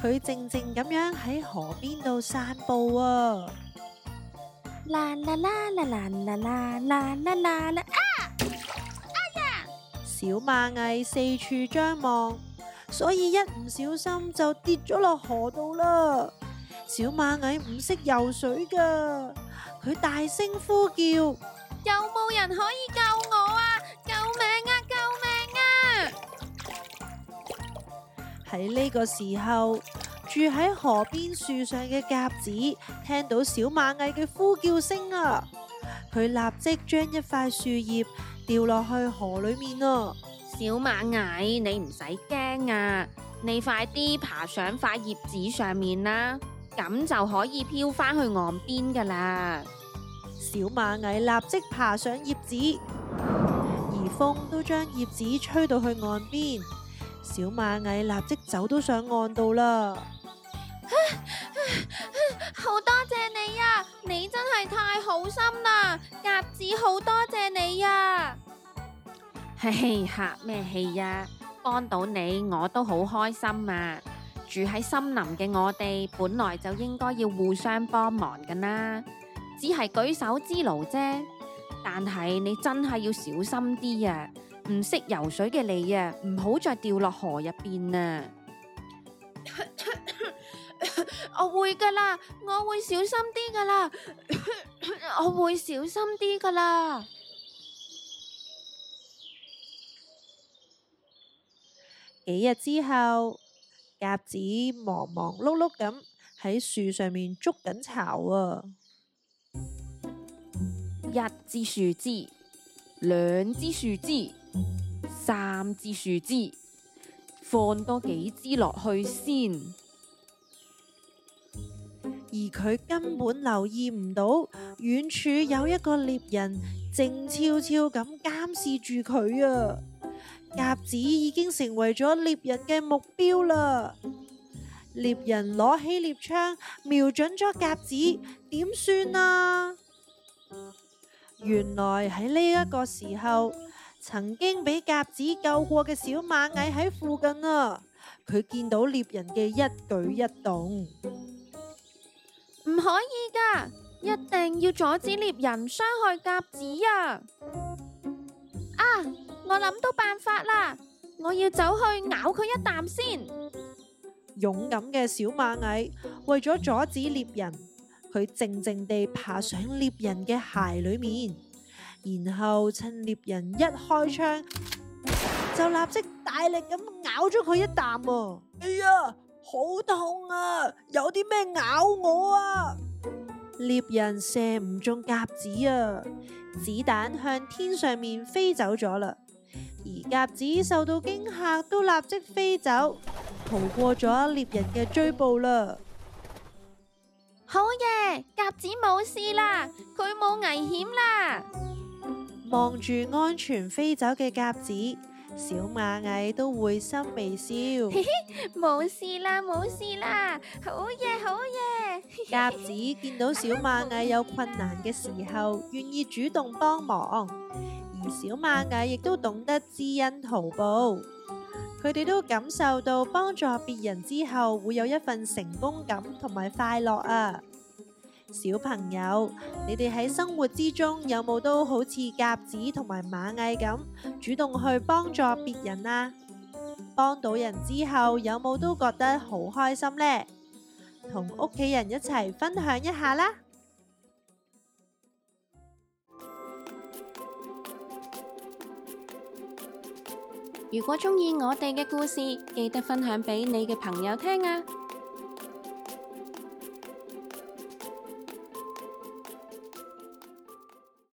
佢靜靜咁樣喺河邊度散步啊！啦啦啦啦啦啦啦啦啦啦！啊！阿人，小螞蟻四處張望，所以一唔小心就跌咗落河度啦！小螞蟻唔識游水噶，佢大聲呼叫：有冇人可以救我？喺呢個時候，住喺河邊樹上嘅鴿子聽到小螞蟻嘅呼叫聲啊！佢立即將一塊樹葉掉落去河裏面啊！小螞蟻，你唔使驚啊！你快啲爬上塊葉子上面啦，咁就可以飄返去岸邊噶啦！小螞蟻立即爬上葉子，而風都將葉子吹到去岸邊。小螞蟻立即走都上岸度啦！ 好多謝你呀、啊，你真係太好心啦，鴿子好多謝你呀、啊！嘿嘿、hey, 啊，客咩氣呀？幫到你我都好開心啊！住喺森林嘅我哋本來就應該要互相幫忙噶啦，只係舉手之勞啫。但係你真係要小心啲呀！唔識游水嘅你啊，唔好再掉落河入邊啊！我會㗎喇，我會小心啲㗎喇，我會小心啲㗎喇。幾日之後，鴿子忙忙碌碌咁喺樹上面築緊巢啊！一枝樹枝，兩枝樹枝。三支樹枝，放多幾支落去先。而佢根本留意唔到，遠處有一個獵人靜悄悄咁監視住佢啊！鴿子已經成為咗獵人嘅目標啦！獵人攞起獵槍，瞄準咗鴿子，點算啊？原來喺呢一個時候。曾經俾鴿子救過嘅小螞蟻喺附近啊！佢見到獵人嘅一舉一動，唔可以㗎，一定要阻止獵人傷害鴿子啊！啊，我諗到辦法啦！我要走去咬佢一啖先。勇敢嘅小螞蟻為咗阻止獵人，佢靜靜地爬上獵人嘅鞋裏面，然後趁獵人一開槍，就立即大力咁咬咗佢一啖啊。哎呀，好痛啊！有啲咩咬我啊？獵人射唔中鴿子啊，子彈向天上面飛走咗啦。而鴿子受到驚嚇，都立即飛走，逃過咗獵人嘅追捕啦。好嘢，鴿子冇事啦，佢冇危險啦。望住安全飛走嘅鴿子，小螞蟻都會心微笑。冇 事啦，冇事啦，好嘢，好嘢！ 鴿子見到小螞蟻有困難嘅時候，願意主動幫忙，而小螞蟻亦都懂得知恩圖報。佢哋都感受到幫助別人之後，會有一份成功感同埋快樂啊！小朋友，你哋喺生活之中有冇都好似鴿子同埋螞蟻咁，主動去幫助別人啊？幫到人之後，有冇都覺得好開心呢？同屋企人一齊分享一下啦！如果中意我哋嘅故事，記得分享俾你嘅朋友聽啊！